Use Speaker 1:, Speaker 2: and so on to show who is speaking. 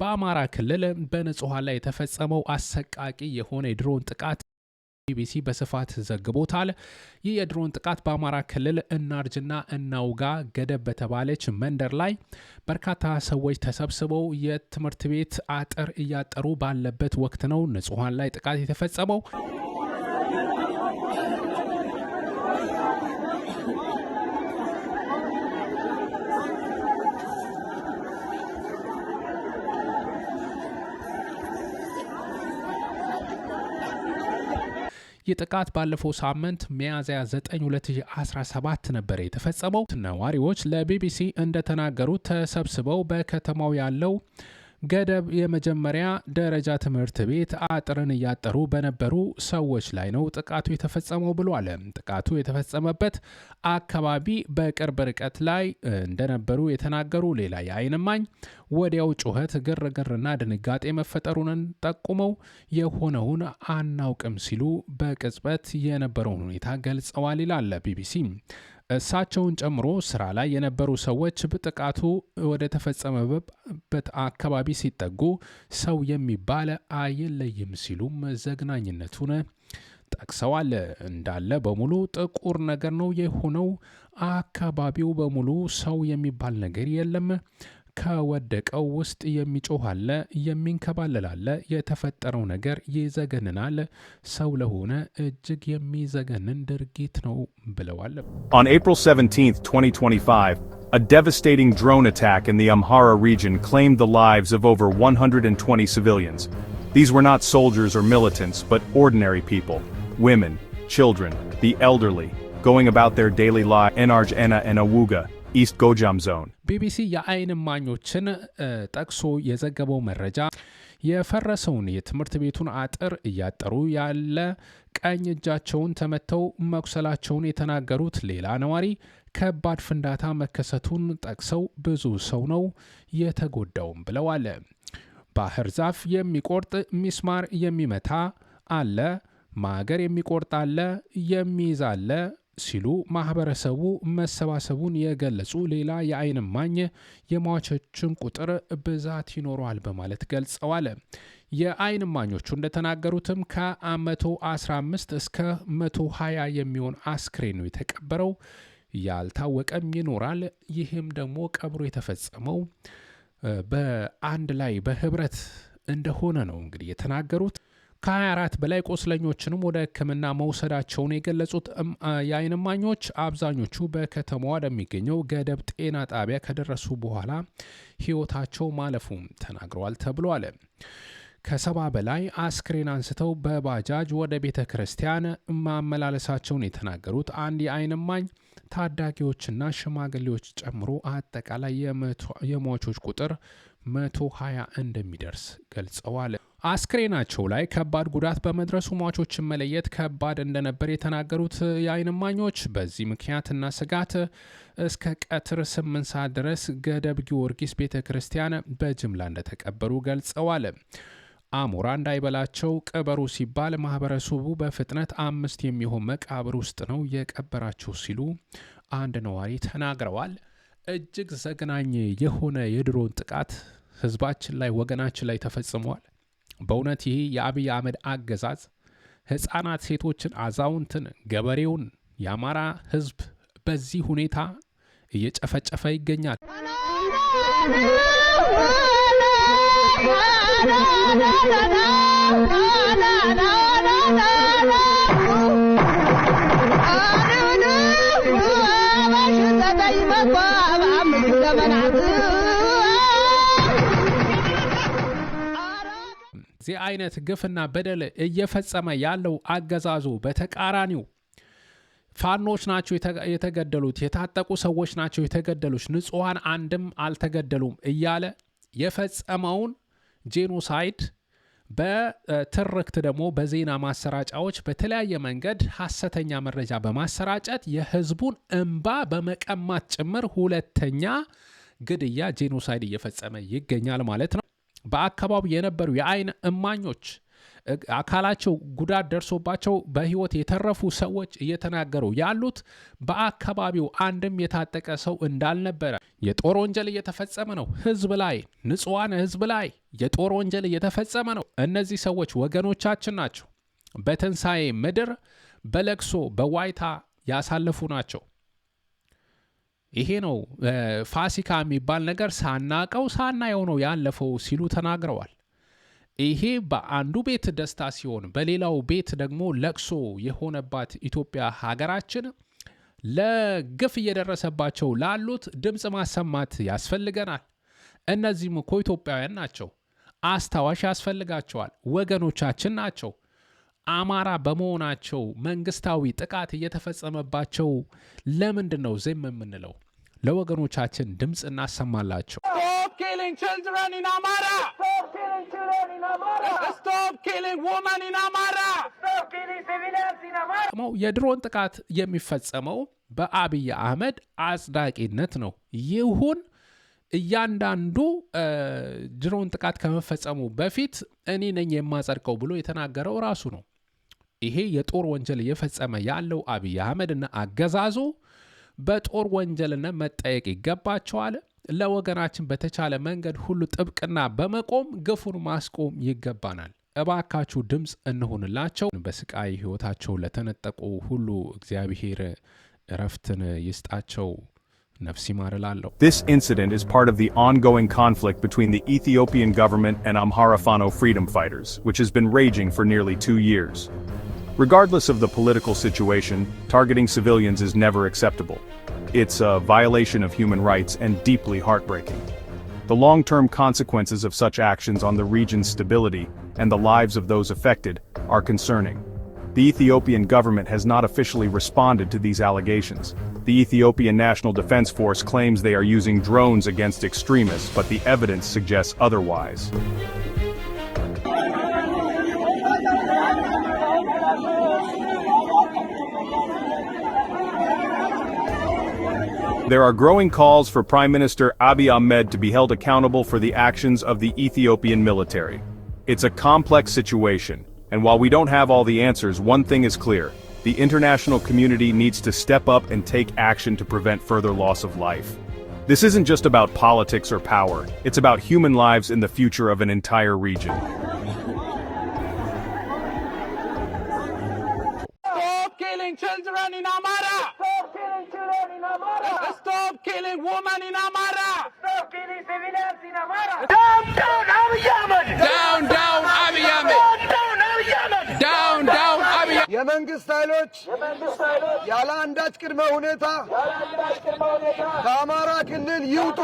Speaker 1: በአማራ ክልል በንጹሐን ላይ የተፈጸመው አሰቃቂ የሆነ የድሮን ጥቃት ቢቢሲ በስፋት ዘግቦታል። ይህ የድሮን ጥቃት በአማራ ክልል እናርጅና እናውጋ ገደብ በተባለች መንደር ላይ በርካታ ሰዎች ተሰብስበው የትምህርት ቤት አጥር እያጠሩ ባለበት ወቅት ነው ንጹሐን ላይ ጥቃት የተፈጸመው። ይህ ጥቃት ባለፈው ሳምንት ሚያዝያ 9 2017 ነበር የተፈጸመው። ነዋሪዎች ለቢቢሲ እንደተናገሩት ተሰብስበው በከተማው ያለው ገደብ የመጀመሪያ ደረጃ ትምህርት ቤት አጥርን እያጠሩ በነበሩ ሰዎች ላይ ነው ጥቃቱ የተፈጸመው ብሏል። ጥቃቱ የተፈጸመበት አካባቢ በቅርብ ርቀት ላይ እንደነበሩ የተናገሩ ሌላ የዓይን እማኝ ወዲያው ጩኸት፣ ግርግርና ድንጋጤ መፈጠሩንን ጠቁመው የሆነውን አናውቅም ሲሉ በቅጽበት የነበረውን ሁኔታ ገልጸዋል ይላል ቢቢሲ። እሳቸውን ጨምሮ ስራ ላይ የነበሩ ሰዎች ጥቃቱ ወደ ተፈጸመበት አካባቢ ሲጠጉ ሰው የሚባል አይለይም ሲሉም ዘግናኝነቱን ጠቅሰዋል። እንዳለ በሙሉ ጥቁር ነገር ነው የሆነው። አካባቢው በሙሉ ሰው የሚባል ነገር የለም። ከወደቀው ውስጥ የሚጮህ አለ፣ የሚንከባለል አለ። የተፈጠረው ነገር ይዘገንናል። ሰው ለሆነ እጅግ የሚዘገንን ድርጊት ነው ብለዋል።
Speaker 2: On April 17, 2025, a devastating drone attack in the Amhara region claimed the lives of over 120 civilians. These were not soldiers or militants, but ordinary people, women, children, the elderly, going about their daily lives. in Ena and Awuga ኢስት ጎጃም ዞን
Speaker 1: ቢቢሲ የአይን እማኞችን ጠቅሶ የዘገበው መረጃ የፈረሰውን የትምህርት ቤቱን አጥር እያጠሩ ያለ ቀኝ እጃቸውን ተመተው መቁሰላቸውን የተናገሩት ሌላ ነዋሪ ከባድ ፍንዳታ መከሰቱን ጠቅሰው ብዙ ሰው ነው የተጎዳውም ብለዋል። ባህር ዛፍ የሚቆርጥ ሚስማር የሚመታ አለ፣ ማገር የሚቆርጥ አለ፣ የሚይዝ አለ፣ ሲሉ ማህበረሰቡ መሰባሰቡን የገለጹ ሌላ የአይን ማኝ የሟቾችን ቁጥር ብዛት ይኖረዋል በማለት ገልጸዋል። የአይን ማኞቹ እንደተናገሩትም ከ115 እስከ 120 የሚሆን አስክሬን ነው የተቀበረው። ያልታወቀም ይኖራል። ይህም ደግሞ ቀብሮ የተፈጸመው በአንድ ላይ በህብረት እንደሆነ ነው እንግዲህ የተናገሩት። ከ24 በላይ ቆስለኞችንም ወደ ሕክምና መውሰዳቸውን የገለጹት የዓይን እማኞች አብዛኞቹ በከተማዋ ወደሚገኘው ገደብ ጤና ጣቢያ ከደረሱ በኋላ ሕይወታቸው ማለፉም ተናግረዋል ተብሏል። ከሰባ በላይ አስክሬን አንስተው በባጃጅ ወደ ቤተ ክርስቲያን ማመላለሳቸውን የተናገሩት አንድ የዓይን እማኝ ታዳጊዎችና ሽማግሌዎች ጨምሮ አጠቃላይ የሟቾች ቁጥር 120 እንደሚደርስ ገልጸዋል። አስክሬናቸው ላይ ከባድ ጉዳት በመድረሱ ሟቾችን መለየት ከባድ እንደነበር የተናገሩት የአይን እማኞች በዚህ ምክንያትና ስጋት እስከ ቀትር ስምንት ሰዓት ድረስ ገደብ ጊዮርጊስ ቤተ ክርስቲያን በጅምላ እንደተቀበሩ ገልጸዋል። አሞራ እንዳይበላቸው ቅበሩ ሲባል ማህበረሰቡ በፍጥነት አምስት የሚሆን መቃብር ውስጥ ነው የቀበራቸው ሲሉ አንድ ነዋሪ ተናግረዋል። እጅግ ዘግናኝ የሆነ የድሮን ጥቃት ህዝባችን ላይ ወገናችን ላይ ተፈጽሟል። በእውነት ይሄ የአብይ አህመድ አገዛዝ ህፃናት፣ ሴቶችን፣ አዛውንትን፣ ገበሬውን የአማራ ህዝብ በዚህ ሁኔታ እየጨፈጨፈ ይገኛል። እዚህ አይነት ግፍና በደል እየፈጸመ ያለው አገዛዙ በተቃራኒው ፋኖች ናቸው የተገደሉት፣ የታጠቁ ሰዎች ናቸው የተገደሉት፣ ንጹሐን አንድም አልተገደሉም እያለ የፈጸመውን ጄኖሳይድ በትርክት ደግሞ በዜና ማሰራጫዎች በተለያየ መንገድ ሀሰተኛ መረጃ በማሰራጨት የህዝቡን እንባ በመቀማት ጭምር ሁለተኛ ግድያ ጄኖሳይድ እየፈጸመ ይገኛል ማለት ነው። በአካባቢው የነበሩ የአይን እማኞች አካላቸው ጉዳት ደርሶባቸው በህይወት የተረፉ ሰዎች እየተናገሩ ያሉት በአካባቢው አንድም የታጠቀ ሰው እንዳልነበረ፣ የጦር ወንጀል እየተፈጸመ ነው ህዝብ ላይ ንጹሐን ህዝብ ላይ የጦር ወንጀል እየተፈጸመ ነው። እነዚህ ሰዎች ወገኖቻችን ናቸው። በትንሣኤ ምድር በለቅሶ በዋይታ ያሳለፉ ናቸው። ይሄ ነው ፋሲካ የሚባል ነገር ሳናቀው ሳናየው ነው ያለፈው ሲሉ ተናግረዋል። ይሄ በአንዱ ቤት ደስታ ሲሆን፣ በሌላው ቤት ደግሞ ለቅሶ የሆነባት ኢትዮጵያ ሀገራችን ለግፍ እየደረሰባቸው ላሉት ድምፅ ማሰማት ያስፈልገናል። እነዚህም እኮ ኢትዮጵያውያን ናቸው። አስታዋሽ ያስፈልጋቸዋል። ወገኖቻችን ናቸው። አማራ በመሆናቸው መንግስታዊ ጥቃት እየተፈጸመባቸው ለምንድን ነው ዜም የምንለው? ለወገኖቻችን ድምፅ እናሰማላቸው። የድሮን ጥቃት የሚፈጸመው በአብይ አህመድ አጽዳቂነት ነው። ይሁን እያንዳንዱ ድሮን ጥቃት ከመፈጸሙ በፊት እኔ ነኝ የማጸድቀው ብሎ የተናገረው ራሱ ነው። ይሄ የጦር ወንጀል እየፈጸመ ያለው አብይ አህመድ እና አገዛዙ በጦር ወንጀልነት መጠየቅ ይገባቸዋል። ለወገናችን በተቻለ መንገድ ሁሉ ጥብቅና በመቆም ግፉን ማስቆም ይገባናል። እባካችሁ ድምፅ እንሆንላቸው። በስቃይ ሕይወታቸውን ለተነጠቁ ሁሉ እግዚአብሔር እረፍትን ይስጣቸው።
Speaker 2: This incident is part of the ongoing conflict between the Ethiopian government and Amhara Fano freedom fighters, which has been raging for nearly two years. Regardless of the political situation, targeting civilians is never acceptable. It's a violation of human rights and deeply heartbreaking. The long-term consequences of such actions on the region's stability and the lives of those affected are concerning. The Ethiopian government has not officially responded to these allegations. The Ethiopian National Defense Force claims they are using drones against extremists, but the evidence suggests otherwise. There are growing calls for Prime Minister Abiy Ahmed to be held accountable for the actions of the Ethiopian military. It's a complex situation, and while we don't have all the answers, one thing is clear. The international community needs to step up and take action to prevent further loss of life. This isn't just about politics or power, it's about human lives and the future of an entire region.
Speaker 3: Stop killing children in Amara! Stop killing women in Amara!
Speaker 4: Stop killing civilians in Amara!
Speaker 5: Down, down, Abiy Ahmed!
Speaker 6: Down, down, Abiy Ahmed!
Speaker 5: Down, Abiy Ahmed!
Speaker 6: Down, down, Abiy Ahmed!
Speaker 7: የመንግስት ኃይሎች ያለ አንዳች ቅድመ ሁኔታ ከአማራ ክልል ይውጡ!